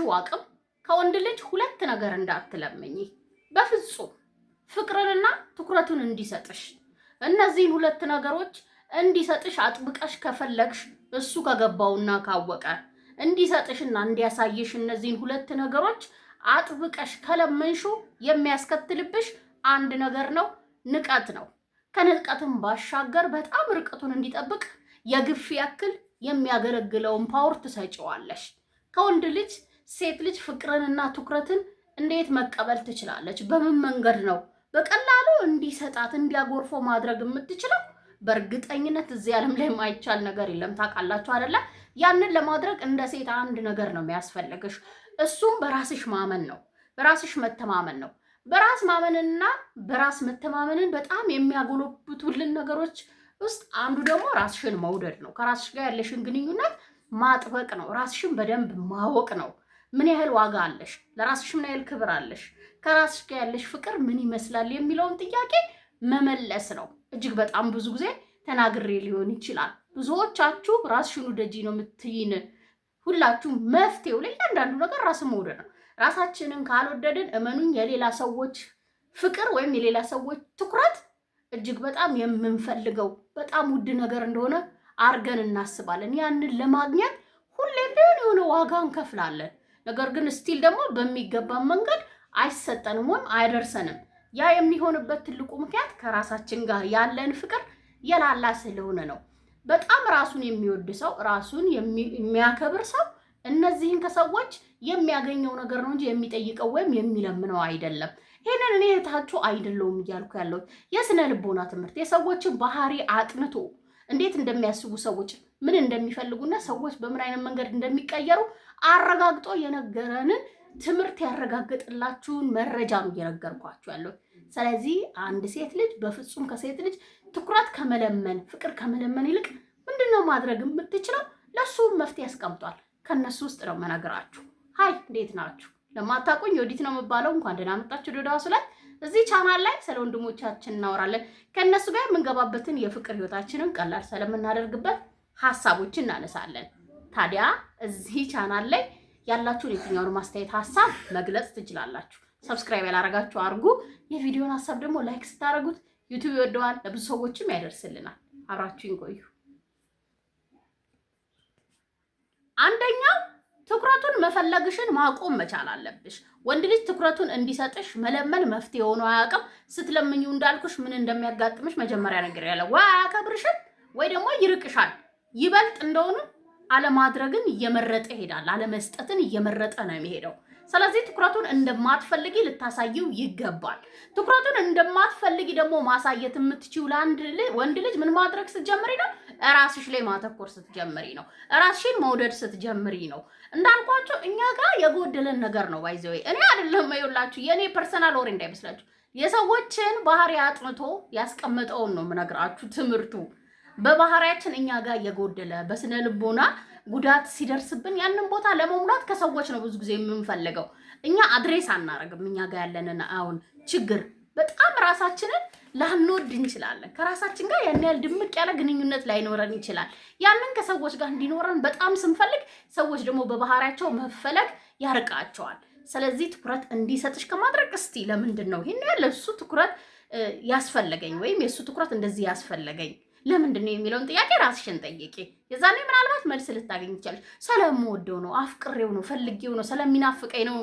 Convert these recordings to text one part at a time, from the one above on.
በቻልሽው አቅም ከወንድ ልጅ ሁለት ነገር እንዳትለምኝ በፍጹም ፍቅርንና ትኩረትን እንዲሰጥሽ እነዚህን ሁለት ነገሮች እንዲሰጥሽ አጥብቀሽ ከፈለግሽ እሱ ከገባውና ካወቀ እንዲሰጥሽና እንዲያሳይሽ እነዚህን ሁለት ነገሮች አጥብቀሽ ከለመንሹ የሚያስከትልብሽ አንድ ነገር ነው፣ ንቀት ነው። ከንቀትም ባሻገር በጣም ርቀቱን እንዲጠብቅ የግፊ ያክል የሚያገለግለውን ፓወር ትሰጪዋለሽ ከወንድ ልጅ ሴት ልጅ ፍቅርንና ትኩረትን እንዴት መቀበል ትችላለች? በምን መንገድ ነው በቀላሉ እንዲሰጣት እንዲያጎርፎ ማድረግ የምትችለው? በእርግጠኝነት እዚህ ዓለም ላይ የማይቻል ነገር የለም። ታውቃላችሁ አይደለ? ያንን ለማድረግ እንደ ሴት አንድ ነገር ነው የሚያስፈልግሽ። እሱም በራስሽ ማመን ነው፣ በራስሽ መተማመን ነው። በራስ ማመንና በራስ መተማመንን በጣም የሚያጎለብቱልን ነገሮች ውስጥ አንዱ ደግሞ ራስሽን መውደድ ነው። ከራስሽ ጋር ያለሽን ግንኙነት ማጥበቅ ነው። ራስሽን በደንብ ማወቅ ነው። ምን ያህል ዋጋ አለሽ? ለራስሽ ምን ያህል ክብር አለሽ? ከራስሽ ጋር ያለሽ ፍቅር ምን ይመስላል የሚለውን ጥያቄ መመለስ ነው። እጅግ በጣም ብዙ ጊዜ ተናግሬ ሊሆን ይችላል። ብዙዎቻችሁ ራስሽን ውደጂ ነው የምትይን። ሁላችሁም መፍትሄው ላይ እያንዳንዱ ነገር ራስ መውደድ ነው። ራሳችንን ካልወደድን እመኑኝ የሌላ ሰዎች ፍቅር ወይም የሌላ ሰዎች ትኩረት እጅግ በጣም የምንፈልገው በጣም ውድ ነገር እንደሆነ አድርገን እናስባለን። ያንን ለማግኘት ሁሌም ቢሆን የሆነ ዋጋ እንከፍላለን። ነገር ግን ስቲል ደግሞ በሚገባ መንገድ አይሰጠንም ወይም አይደርሰንም። ያ የሚሆንበት ትልቁ ምክንያት ከራሳችን ጋር ያለን ፍቅር የላላ ስለሆነ ነው። በጣም ራሱን የሚወድ ሰው፣ ራሱን የሚያከብር ሰው እነዚህን ከሰዎች የሚያገኘው ነገር ነው እንጂ የሚጠይቀው ወይም የሚለምነው አይደለም። ይህንን እኔ እህታችሁ አይደለውም እያልኩ ያለሁት የስነ ልቦና ትምህርት የሰዎችን ባህሪ አጥንቶ እንዴት እንደሚያስቡ ሰዎች ምን እንደሚፈልጉና ሰዎች በምን አይነት መንገድ እንደሚቀየሩ አረጋግጦ የነገረንን ትምህርት ያረጋግጥላችሁን መረጃ ነው እየነገርኳችሁ ያለው። ስለዚህ አንድ ሴት ልጅ በፍጹም ከሴት ልጅ ትኩረት ከመለመን ፍቅር ከመለመን ይልቅ ምንድነው ማድረግ የምትችለው? ለሱ መፍትሄ ያስቀምጧል። ከነሱ ውስጥ ነው መናገራችሁ። ሀይ እንዴት ናችሁ? ለማታቆኝ የወዲት ነው የምባለው። እንኳን ደህና መጣችሁ ዶዳዋሱ ላይ። እዚህ ቻናል ላይ ስለ ወንድሞቻችን እናወራለን። ከእነሱ ጋር የምንገባበትን የፍቅር ህይወታችንን ቀላል ስለምናደርግበት ሀሳቦችን እናነሳለን። ታዲያ እዚህ ቻናል ላይ ያላችሁን የትኛውን ማስተያየት ሀሳብ መግለጽ ትችላላችሁ። ሰብስክራይብ ያላረጋችሁ አድርጉ። የቪዲዮን ሀሳብ ደግሞ ላይክ ስታደርጉት ዩቲዩብ ይወደዋል፣ ለብዙ ሰዎችም ያደርስልናል። አብራችሁን ቆዩ። አንደኛው ትኩረቱን መፈለግሽን ማቆም መቻል አለብሽ። ወንድ ልጅ ትኩረቱን እንዲሰጥሽ መለመን መፍትሄ ሆኖ አያውቅም። ስትለምኙ እንዳልኩሽ ምን እንደሚያጋጥምሽ መጀመሪያ ነገር ያለ ወይ አያከብርሽም ወይ ደግሞ ይርቅሻል። ይበልጥ እንደሆነ አለማድረግን እየመረጠ ይሄዳል። አለመስጠትን እየመረጠ ነው የሚሄደው። ስለዚህ ትኩረቱን እንደማትፈልጊ ልታሳየው ይገባል። ትኩረቱን እንደማትፈልጊ ደግሞ ማሳየት የምትችው ለአንድ ወንድ ልጅ ምን ማድረግ ስትጀምሪ ነው? ራስሽ ላይ ማተኮር ስትጀምሪ ነው። ራስሽን መውደድ ስትጀምሪ ነው። እንዳልኳቸው እኛ ጋር የጎደለን ነገር ነው። ባይዘዌ እኔ አይደለም ይውላችሁ፣ የእኔ ፐርሰናል ወሬ እንዳይመስላችሁ። የሰዎችን ባህሪ አጥንቶ ያስቀመጠውን ነው የምነግራችሁ ትምህርቱ በባህሪያችን እኛ ጋር እየጎደለ በስነ ልቦና ጉዳት ሲደርስብን ያንን ቦታ ለመሙላት ከሰዎች ነው ብዙ ጊዜ የምንፈልገው። እኛ አድሬስ አናረግም። እኛ ጋር ያለንን አሁን ችግር በጣም ራሳችንን ላንወድ እንችላለን። ከራሳችን ጋር ያን ያህል ድምቅ ያለ ግንኙነት ላይኖረን ይችላል። ያንን ከሰዎች ጋር እንዲኖረን በጣም ስንፈልግ፣ ሰዎች ደግሞ በባህሪያቸው መፈለግ ያርቃቸዋል። ስለዚህ ትኩረት እንዲሰጥሽ ከማድረግ እስቲ ለምንድን ነው ይህን ያህል እሱ ትኩረት ያስፈለገኝ ወይም የእሱ ትኩረት እንደዚህ ያስፈለገኝ ለምንድን ነው የሚለውን ጥያቄ ራስሽን ጠይቂ። የዛኔ ምናልባት መልስ ልታገኝ ትችላለሽ። ስለምወደው ነው፣ አፍቅሬው ነው፣ ፈልጌው ነው፣ ስለሚናፍቀኝ ነው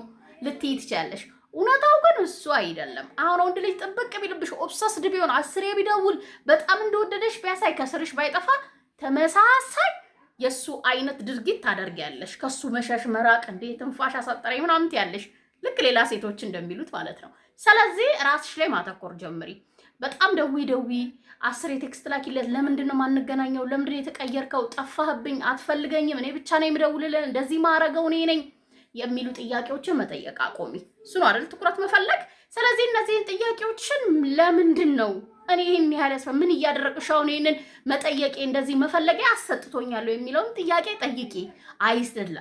ልትይ ትችላለሽ። እውነታው ግን እሱ አይደለም። አሁን ወንድ ልጅ ጥብቅ ቢልብሽ፣ ኦብሰስድ ቢሆን፣ አስሬ ቢደውል፣ በጣም እንደወደደሽ ቢያሳይ፣ ከስርሽ ባይጠፋ ተመሳሳይ የእሱ አይነት ድርጊት ታደርጊያለሽ። ከሱ መሸሽ፣ መራቅ፣ እንዴ ትንፋሽ አሳጠረኝ ምናምን ትያለሽ። ልክ ሌላ ሴቶች እንደሚሉት ማለት ነው። ስለዚህ ራስሽ ላይ ማተኮር ጀምሪ። በጣም ደዊ ደዊ አስር የቴክስት ላኪለት። ለምንድን ነው የማንገናኘው? ለምንድን ነው የተቀየርከው? ጠፋህብኝ፣ አትፈልገኝም፣ እኔ ብቻ ነው የምደውልልህ፣ እንደዚህ ማረገው እኔ ነኝ የሚሉ ጥያቄዎችን መጠየቅ አቆሚ። እሱ ነው አይደል ትኩረት መፈለግ። ስለዚህ እነዚህን ጥያቄዎችን ለምንድን ነው እኔ ይህን ያህል ያስፈ ምን እያደረግሽ አሁን ይህንን መጠየቄ እንደዚህ መፈለገ አሰጥቶኛለሁ የሚለውን ጥያቄ ጠይቂ። አይስል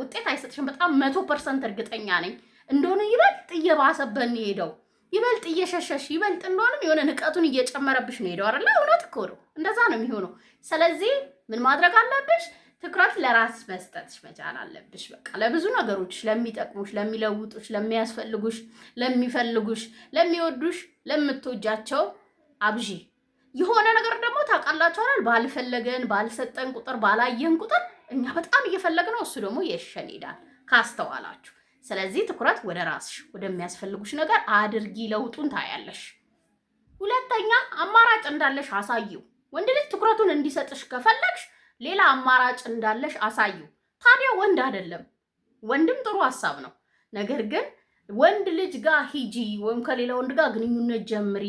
ውጤት አይሰጥሽም። በጣም መቶ ፐርሰንት እርግጠኛ ነኝ እንደሆነ ይበልጥ እየባሰበን ሄደው ይበልጥ እየሸሸሽ ይበልጥ እንደሆነም የሆነ ንቀቱን እየጨመረብሽ ነው ሄደው አይደለ? እውነት እኮ ነው። እንደዛ ነው የሚሆነው። ስለዚህ ምን ማድረግ አለብሽ? ትኩረት ለራስ መስጠትሽ መቻል አለብሽ። በቃ ለብዙ ነገሮች ለሚጠቅሙሽ፣ ለሚለውጡሽ፣ ለሚያስፈልጉሽ፣ ለሚፈልጉሽ፣ ለሚወዱሽ፣ ለምትወጃቸው አብዢ የሆነ ነገር ደግሞ ታውቃላችኋል። ባልፈለገን ባልሰጠን ቁጥር ባላየን ቁጥር እኛ በጣም እየፈለግነው እሱ ደግሞ የሸን ይሄዳል ካስተዋላችሁ ስለዚህ ትኩረት ወደ ራስሽ ወደሚያስፈልጉሽ ነገር አድርጊ። ለውጡን ታያለሽ። ሁለተኛ አማራጭ እንዳለሽ አሳይው። ወንድ ልጅ ትኩረቱን እንዲሰጥሽ ከፈለግሽ ሌላ አማራጭ እንዳለሽ አሳይው። ታዲያ ወንድ አይደለም ወንድም ጥሩ ሀሳብ ነው። ነገር ግን ወንድ ልጅ ጋር ሂጂ ወይም ከሌላ ወንድ ጋር ግንኙነት ጀምሪ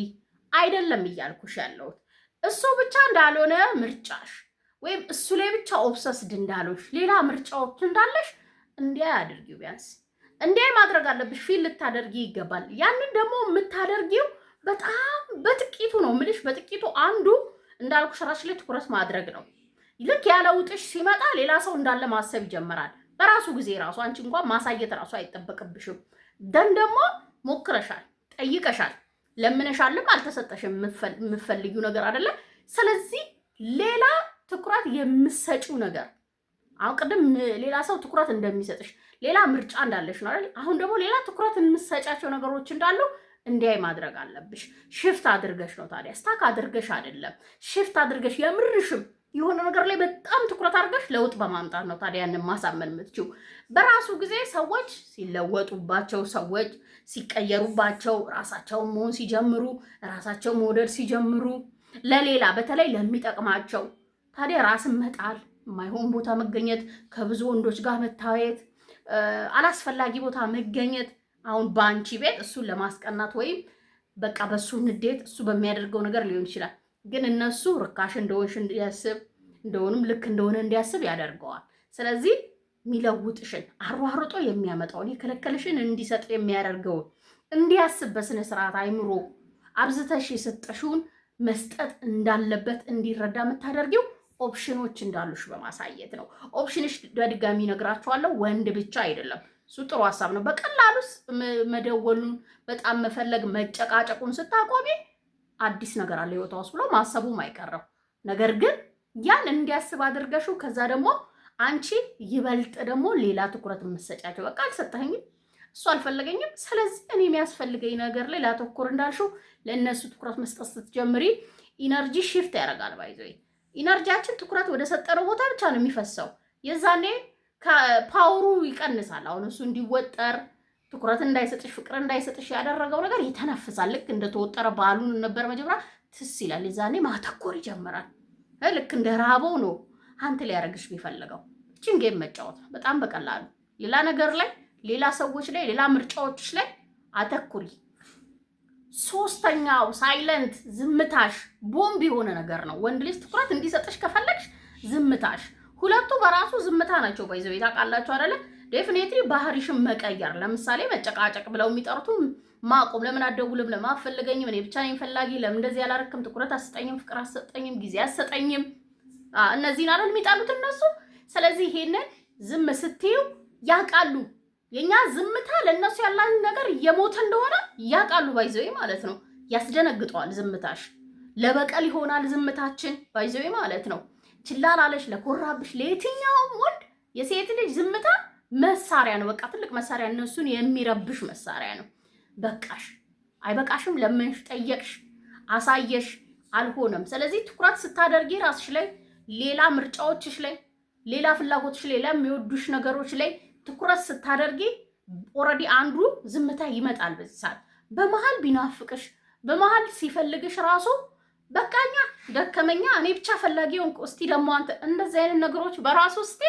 አይደለም እያልኩሽ ያለሁት። እሱ ብቻ እንዳልሆነ ምርጫሽ ወይም እሱ ላይ ብቻ ኦብሰስድ እንዳለሽ ሌላ ምርጫዎች እንዳለሽ እንዲያ አድርጊው ቢያንስ እንዲህ ማድረግ አለብሽ፣ ፊል ልታደርጊ ይገባል። ያንን ደግሞ የምታደርጊው በጣም በጥቂቱ ነው ምልሽ። በጥቂቱ አንዱ እንዳልኩ ስራሽ ላይ ትኩረት ማድረግ ነው። ልክ ያለ ውጥሽ ሲመጣ ሌላ ሰው እንዳለ ማሰብ ይጀምራል። በራሱ ጊዜ ራሱ አንቺ እንኳን ማሳየት ራሱ አይጠበቅብሽም። ደን ደግሞ ሞክረሻል፣ ጠይቀሻል፣ ለምነሻልም አልተሰጠሽም። የምፈልጊው ነገር አይደለም። ስለዚህ ሌላ ትኩረት የምሰጪው ነገር አሁን ቅድም ሌላ ሰው ትኩረት እንደሚሰጥሽ ሌላ ምርጫ እንዳለሽ ነው አሁን ደግሞ ሌላ ትኩረት የምሰጫቸው ነገሮች እንዳሉ እንዲያይ ማድረግ አለብሽ። ሽፍት አድርገሽ ነው ታዲያ፣ ስታክ አድርገሽ አይደለም። ሽፍት አድርገሽ የምርሽም የሆነ ነገር ላይ በጣም ትኩረት አድርገሽ ለውጥ በማምጣት ነው ታዲያ ያንን ማሳመን የምትችው። በራሱ ጊዜ ሰዎች ሲለወጡባቸው፣ ሰዎች ሲቀየሩባቸው፣ ራሳቸውን መሆን ሲጀምሩ፣ ራሳቸው መውደድ ሲጀምሩ፣ ለሌላ በተለይ ለሚጠቅማቸው ታዲያ ራስን መጣል፣ የማይሆን ቦታ መገኘት፣ ከብዙ ወንዶች ጋር መታየት አላስፈላጊ ቦታ መገኘት አሁን በአንቺ ቤት እሱን ለማስቀናት ወይም በቃ በእሱ ንዴት እሱ በሚያደርገው ነገር ሊሆን ይችላል። ግን እነሱ ርካሽ እንደሆንሽ እንዲያስብ እንደሆንም ልክ እንደሆነ እንዲያስብ ያደርገዋል። ስለዚህ የሚለውጥሽን አሯርጦ የሚያመጣውን የከለከልሽን እንዲሰጥ የሚያደርገውን እንዲያስብ በስነ ስርዓት አይምሮ አብዝተሽ የሰጠሽውን መስጠት እንዳለበት እንዲረዳ የምታደርጊው ኦፕሽኖች እንዳሉሽ በማሳየት ነው። ኦፕሽንሽ በድጋሚ ነግራችኋለሁ፣ ወንድ ብቻ አይደለም። እሱ ጥሩ ሀሳብ ነው። በቀላሉስ መደወሉን በጣም መፈለግ መጨቃጨቁን ስታቆሚ አዲስ ነገር አለ ህይወቷ ውስጥ ብሎ ማሰቡም አይቀረው። ነገር ግን ያን እንዲያስብ አድርገሹ ከዛ ደግሞ አንቺ ይበልጥ ደግሞ ሌላ ትኩረት የምትሰጫቸው በቃ አልሰጠኸኝም፣ እሱ አልፈለገኝም፣ ስለዚህ እኔ የሚያስፈልገኝ ነገር ላይ ላተኩር እንዳልሽው ለእነሱ ትኩረት መስጠት ስትጀምሪ ኢነርጂ ሽፍት ያደርጋል ባይዘ ኢነርጂያችን ትኩረት ወደ ሰጠረው ቦታ ብቻ ነው የሚፈሰው። የዛኔ ፓወሩ ይቀንሳል። አሁን እሱ እንዲወጠር ትኩረት እንዳይሰጥሽ ፍቅር እንዳይሰጥሽ ያደረገው ነገር ይተነፍሳል። ልክ እንደተወጠረ ባሉን ነበር መጀመሪያ ትስ ይላል። የዛኔ ማተኮር ይጀምራል። ልክ እንደ ረሃበው ነው አንተ ሊያደርግሽ የሚፈልገው። እችን ጌም መጫወት በጣም በቀላሉ ሌላ ነገር ላይ ሌላ ሰዎች ላይ ሌላ ምርጫዎች ላይ አተኩሪ። ሶስተኛው ሳይለንት ዝምታሽ ቦምብ የሆነ ነገር ነው። ወንድ ልጅ ትኩረት እንዲሰጥሽ ከፈለግሽ ዝምታሽ፣ ሁለቱ በራሱ ዝምታ ናቸው። ባይዘ ቤት አውቃላችሁ አደለ? ዴፊኔትሊ ባህሪሽን መቀየር፣ ለምሳሌ መጨቃጨቅ ብለው የሚጠሩት ማቆም፣ ለምን አትደውልም፣ ለምን አትፈልገኝም፣ እኔ ብቻ ነኝ ፈላጊ፣ ለምን እንደዚህ አላረክም፣ ትኩረት አሰጠኝም? ፍቅር አሰጠኝም? ጊዜ አሰጠኝም? እነዚህን አይደል የሚጣሉት እነሱ። ስለዚህ ይሄንን ዝም ስትዩ ያውቃሉ። የኛ ዝምታ ለእነሱ ያላን ነገር እየሞተ እንደሆነ ያውቃሉ። ባይዘዌ ማለት ነው። ያስደነግጠዋል ዝምታሽ። ለበቀል ይሆናል ዝምታችን ባይዘዌ ማለት ነው። ችላላለሽ፣ ለኮራብሽ፣ ለየትኛውም ወንድ የሴት ልጅ ዝምታ መሳሪያ ነው። በቃ ትልቅ መሳሪያ፣ እነሱን የሚረብሽ መሳሪያ ነው። በቃሽ፣ አይበቃሽም፣ ለምንሽ፣ ጠየቅሽ፣ አሳየሽ፣ አልሆነም። ስለዚህ ትኩረት ስታደርጊ ራስሽ ላይ፣ ሌላ ምርጫዎችሽ ላይ፣ ሌላ ፍላጎትሽ፣ ሌላ የሚወዱሽ ነገሮች ላይ ትኩረት ስታደርጊ ኦልሬዲ አንዱ ዝምታ ይመጣል። በዚህ ሰዓት በመሀል ቢናፍቅሽ በመሀል ሲፈልግሽ ራሱ በቃኛ ደከመኛ እኔ ብቻ ፈላጊ ፈላጊውን እስቲ ደግሞ አንተ እንደዚህ አይነት ነገሮች በራሱ እስቲ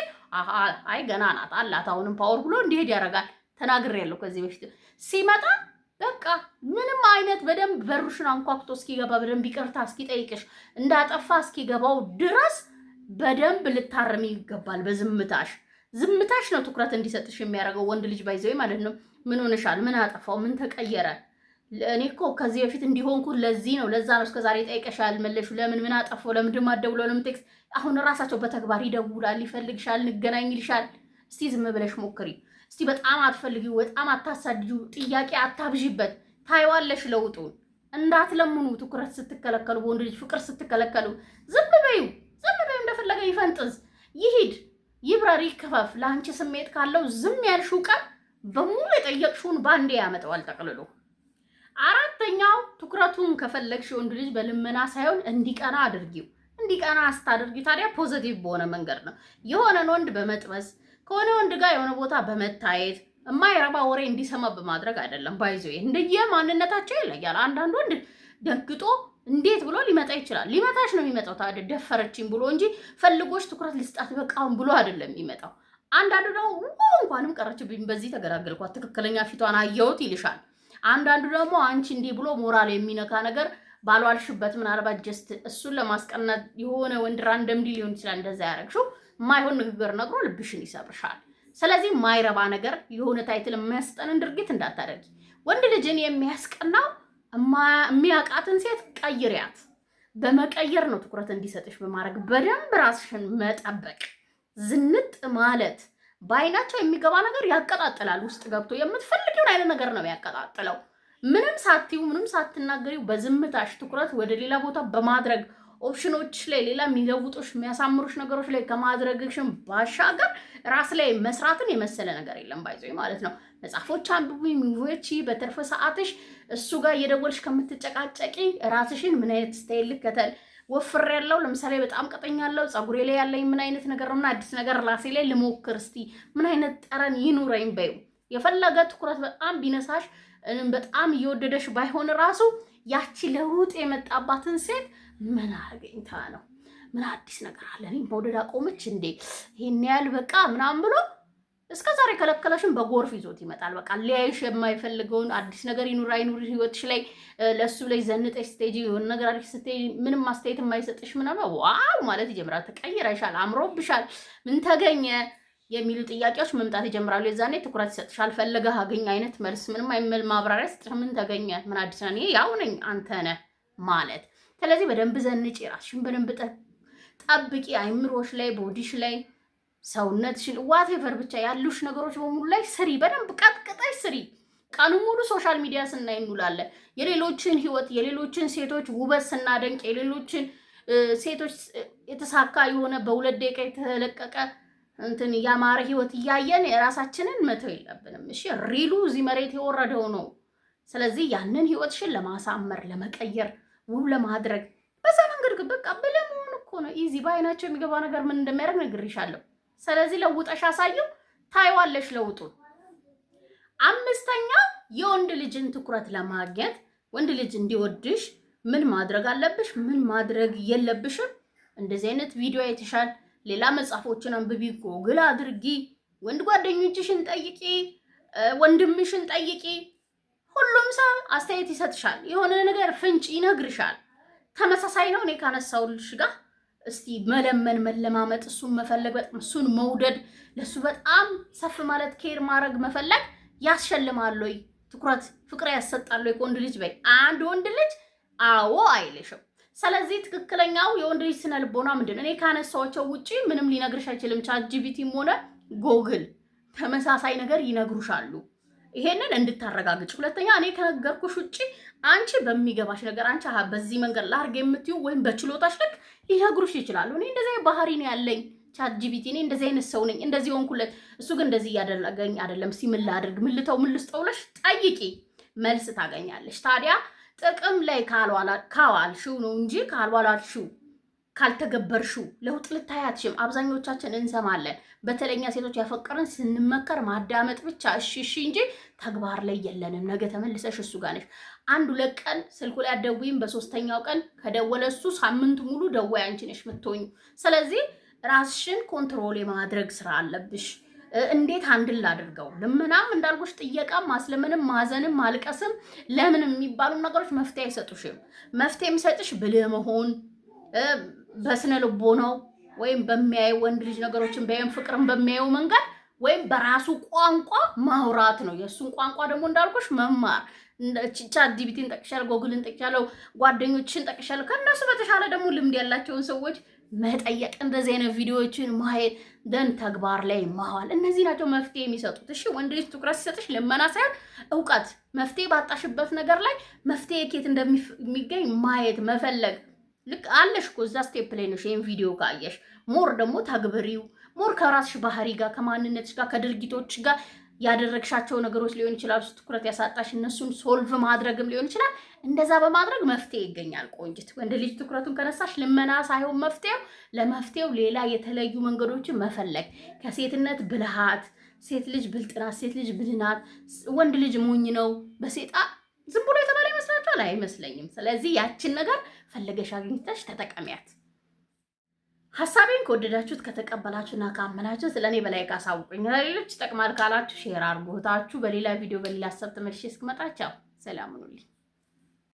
አይ ገና ናት አላት አሁንም ፓወር ብሎ እንዲሄድ ያደርጋል። ያለው ከዚህ በፊት ሲመጣ በቃ ምንም አይነት በደንብ በሩሽን አንኳኩቶ እስኪገባ በደንብ ይቅርታ እስኪጠይቅሽ እንዳጠፋ እስኪገባው ድረስ በደንብ ልታረሚ ይገባል በዝምታሽ። ዝምታሽ ነው ትኩረት እንዲሰጥሽ የሚያደርገው ወንድ ልጅ ባይዘው ማለት ነው። ምን ሆነሻል? ምን አጠፋው? ምን ተቀየረ? እኔ እኮ ከዚህ በፊት እንዲሆንኩ ለዚህ ነው ለዛ ነው እስከዛሬ ጠይቀሻል መለሹ ለምን ምን አጠፋው? ለምንድን የማትደውሎ? ለምን ቴክስት? አሁን ራሳቸው በተግባር ይደውላል፣ ይፈልግሻል፣ እንገናኝ ይልሻል። እስቲ ዝም ብለሽ ሞክሪ እስቲ። በጣም አትፈልጊው፣ በጣም አታሳድጂው፣ ጥያቄ አታብዥበት። ታይዋለሽ ለውጡን። እንዳትለምኑ ትኩረት ስትከለከሉ፣ በወንድ ልጅ ፍቅር ስትከለከሉ፣ ዝም በዩ፣ ዝም በዩ፣ እንደፈለገ ይፈንጥዝ ይሂድ። ይብረር ይከፈፍ። ለአንቺ ስሜት ካለው ዝም ያልሽው ቀን በሙሉ የጠየቅሽውን ባንዴ ያመጣዋል ጠቅልሎ። አራተኛው ትኩረቱን ከፈለግሽ ወንድ ልጅ በልመና ሳይሆን እንዲቀና አድርጊው። እንዲቀና ስታደርጊው ታዲያ ፖዘቲቭ በሆነ መንገድ ነው። የሆነን ወንድ በመጥበስ ከሆነ ወንድ ጋር የሆነ ቦታ በመታየት የማይረባ ወሬ እንዲሰማ በማድረግ አይደለም። ባይዞ እንደየ ማንነታቸው ይለያል። አንዳንድ ወንድ ደግጦ እንዴት ብሎ ሊመጣ ይችላል? ሊመታሽ ነው የሚመጣው። ታዲያ ደፈረችኝ ብሎ እንጂ ፈልጎች ትኩረት ሊስጣት በቃም ብሎ አይደለም የሚመጣው። አንዳንዱ ደግሞ እንኳንም ቀረችብኝ በዚህ ተገላገልኳት፣ ትክክለኛ ፊቷን አየሁት ይልሻል። አንዳንዱ ደግሞ አንቺ እንዲህ ብሎ ሞራል የሚነካ ነገር ባሏልሽበት፣ ምናልባት ጀስት እሱን ለማስቀናት የሆነ ወንድ ዲ ሊሆን ይችላል እንደዛ ያደረግሽው ማይሆን ንግግር ነግሮ ልብሽን ይሰብርሻል። ስለዚህ ማይረባ ነገር የሆነ ታይትል የሚያስጠንን ድርጊት እንዳታደርጊ። ወንድ ልጅን የሚያስቀናው የሚያውቃትን ሴት ቀይሪያት። በመቀየር ነው ትኩረት እንዲሰጥሽ በማድረግ በደንብ ራስሽን መጠበቅ፣ ዝንጥ ማለት። በአይናቸው የሚገባ ነገር ያቀጣጥላል። ውስጥ ገብቶ የምትፈልጊውን አይነት ነገር ነው ያቀጣጥለው። ምንም ሳትዩ ምንም ሳትናገሪው በዝምታሽ ትኩረት ወደ ሌላ ቦታ በማድረግ ኦፕሽኖች ላይ ሌላ የሚለውጡሽ የሚያሳምሩሽ ነገሮች ላይ ከማድረግሽን ባሻገር ራስ ላይ መስራትን የመሰለ ነገር የለም። ባይዞ ማለት ነው። መጽሐፎች አንብቢ፣ ሚዎች በትርፍ ሰዓትሽ እሱ ጋር እየደወልሽ ከምትጨቃጨቂ ራስሽን ምን አይነት ስታይል ልከተል ወፍር ያለው ለምሳሌ በጣም ቀጠኝ ያለው ፀጉሬ ላይ ያለኝ ምን አይነት ነገር ነው? ምን አዲስ ነገር ራሴ ላይ ልሞክር እስቲ ምን አይነት ጠረን ይኑረኝ በዩ የፈለገ ትኩረት በጣም ቢነሳሽ በጣም እየወደደሽ ባይሆን ራሱ ያቺ ለውጥ የመጣባትን ሴት ምን አገኝታ ነው? ምን አዲስ ነገር አለ? እኔ መውደድ አቆመች እንዴ? ይሄን ያህል በቃ ምናምን ብሎ እስከ ዛሬ ከለከለሽን በጎርፍ ይዞት ይመጣል። በቃ ሊያይሽ የማይፈልገውን አዲስ ነገር ይኑር አይኑር ህይወትሽ ላይ ለእሱ ላይ ዘንጠሽ ስትሄጂ የሆነ ነገር አድርጊ ስትሄጂ ምንም ማስተያየት የማይሰጥሽ ምናምን ዋው ማለት ይጀምራል። ተቀይረሻል፣ አምሮብሻል፣ ምን ተገኘ የሚሉ ጥያቄዎች መምጣት ይጀምራሉ። የዛኔ ትኩረት ይሰጥሻል። ፈልገህ አገኝ አይነት መልስ ምንም አይመል ማብራሪያ ስጥ ምን ተገኘ ምን አዲስ ነ ያው ነኝ አንተ ነህ ማለት ስለዚህ በደንብ ዘንጭ፣ ራስሽን በደንብ ጠብቂ። አይምሮሽ ላይ፣ ቦዲሽ ላይ፣ ሰውነትሽን ዋቴቨር ብቻ ያሉሽ ነገሮች በሙሉ ላይ ስሪ፣ በደንብ ቀጥቅጠሽ ስሪ። ቀኑ ሙሉ ሶሻል ሚዲያ ስናይ እንውላለን። የሌሎችን ህይወት፣ የሌሎችን ሴቶች ውበት ስናደንቅ፣ የሌሎችን ሴቶች የተሳካ የሆነ በሁለት ደቂቃ የተለቀቀ እንትን ያማረ ህይወት እያየን የራሳችንን መተው የለብንም። እሺ ሪሉ እዚህ መሬት የወረደው ነው። ስለዚህ ያንን ህይወትሽን ለማሳመር ለመቀየር ውብ ለማድረግ በዛ መንገድ በቃ ብለህ እኮ ነው። ኢዚ በአይናቸው የሚገባ ነገር ምን እንደሚያደርግ ነግሬሻለሁ። ስለዚህ ለውጠሽ አሳየው፣ ታይዋለሽ ለውጡ። አምስተኛ የወንድ ልጅን ትኩረት ለማግኘት ወንድ ልጅ እንዲወድሽ ምን ማድረግ አለብሽ? ምን ማድረግ የለብሽም? እንደዚህ አይነት ቪዲዮ አይተሻል። ሌላ መጽሐፎችን አንብቢ፣ ጎግል አድርጊ፣ ወንድ ጓደኞችሽን ጠይቂ፣ ወንድምሽን ጠይቂ። ሁሉም ሰው አስተያየት ይሰጥሻል፣ የሆነ ነገር ፍንጭ ይነግርሻል። ተመሳሳይ ነው እኔ ካነሳውልሽ ጋር እስቲ መለመን መለማመጥ፣ እሱን መፈለግ በጣም እሱን መውደድ፣ ለእሱ በጣም ሰፍ ማለት ኬር ማድረግ መፈለግ ያስሸልማል ወይ ትኩረት ፍቅር ያሰጣል ወይ ከወንድ ልጅ በይ አንድ ወንድ ልጅ አዎ አይልሽም። ስለዚህ ትክክለኛው የወንድ ልጅ ስነ ልቦና ምንድን እኔ ካነሳዋቸው ውጪ ምንም ሊነግርሽ አይችልም። ቻት ጂቢቲም ሆነ ጎግል ተመሳሳይ ነገር ይነግሩሻሉ። ይሄንን እንድታረጋግጭ። ሁለተኛ እኔ ከነገርኩሽ ውጭ አንቺ በሚገባሽ ነገር አንቺ በዚህ መንገድ ላርግ የምትዩ ወይም በችሎታሽ ልክ ሊነግሩሽ ይችላሉ። እኔ እንደዚህ ባህሪ ነው ያለኝ ቻት ጂቢቲ እኔ እንደዚህ አይነት ሰው ነኝ፣ እንደዚህ ሆንኩለት፣ እሱ ግን እንደዚህ እያደረገኝ አይደለም፣ እስኪ ምን ላድርግ፣ ምን ልተው፣ ምን ልስጠው ብለሽ ጠይቂ፣ መልስ ታገኛለሽ። ታዲያ ጥቅም ላይ ካዋልሽው ነው እንጂ ካልዋላልሽው ካልተገበርሹ ለውጥ ልታያትሽም። አብዛኞቻችን እንሰማለን። በተለኛ ሴቶች ያፈቀርን ስንመከር ማዳመጥ ብቻ እሺ እሺ እንጂ ተግባር ላይ የለንም። ነገ ተመልሰሽ እሱ ጋር ነሽ። አንድ ሁለት ቀን ስልኩ ላይ አደውይም፣ በሶስተኛው ቀን ከደወለ እሱ ሳምንት ሙሉ ደዋይ አንቺ ነሽ የምትሆኙ። ስለዚህ ራስሽን ኮንትሮል የማድረግ ስራ አለብሽ። እንዴት አንድን ላድርገው? ልመናም እንዳልኩሽ ጥየቃ፣ ማስለመንም፣ ማዘንም፣ ማልቀስም ለምን የሚባሉ ነገሮች መፍትሄ አይሰጡሽም። መፍትሄ የሚሰጥሽ ብልህ መሆን በስነ ልቦ ነው ወይም በሚያየው ወንድ ልጅ ነገሮችን በየም ፍቅርን በሚያየው መንገድ ወይም በራሱ ቋንቋ ማውራት ነው። የእሱን ቋንቋ ደግሞ እንዳልኩሽ መማር ቻ ዲቢቲን ጠቅሻለሁ፣ ጎግልን ጠቅሻለሁ፣ ጓደኞችን ጠቅሻለሁ። ከእነሱ በተሻለ ደግሞ ልምድ ያላቸውን ሰዎች መጠየቅ፣ እንደዚህ አይነት ቪዲዮዎችን ማየት፣ ደን ተግባር ላይ ማዋል፣ እነዚህ ናቸው መፍትሄ የሚሰጡት። እሺ ወንድ ልጅ ትኩረት ሲሰጥሽ ልመና ሳይሆን እውቀት፣ መፍትሄ ባጣሽበት ነገር ላይ መፍትሄ ኬት እንደሚገኝ ማየት መፈለግ ልክ አለሽ እኮ እዛ ስቴፕ ላይ ነሽ። ይሄን ቪዲዮ ካየሽ ሞር ደግሞ ተግብሪው ሞር ከራስሽ ባህሪ ጋር ከማንነትሽ ጋር ከድርጊቶች ጋር ያደረግሻቸው ነገሮች ሊሆን ይችላል። ትኩረት ያሳጣሽ እነሱን ሶልቭ ማድረግም ሊሆን ይችላል። እንደዛ በማድረግ መፍትሄ ይገኛል። ቆንጅት ወንድ ልጅ ትኩረቱን ከነሳሽ ልመና ሳይሆን መፍትሄው ለመፍትሄው ሌላ የተለዩ መንገዶችን መፈለግ ከሴትነት ብልሃት፣ ሴት ልጅ ብልጥናት፣ ሴት ልጅ ብልናት፣ ወንድ ልጅ ሞኝ ነው በሴጣ ዝም ብሎ የተባለ ይመስላችኋል? አይመስለኝም። ስለዚህ ያችን ነገር ፈለገሽ አግኝተሽ ተጠቀሚያት። ሀሳቤን ከወደዳችሁት ከተቀበላችሁና ካመናችሁ ስለ እኔ በላይ ካሳውቁኝ ለሌሎች ይጠቅማል ካላችሁ ሼር አድርጎታችሁ በሌላ ቪዲዮ በሌላ ሀሳብ ተመልሼ እስክመጣ ቻው፣ ሰላም ሁኑልኝ።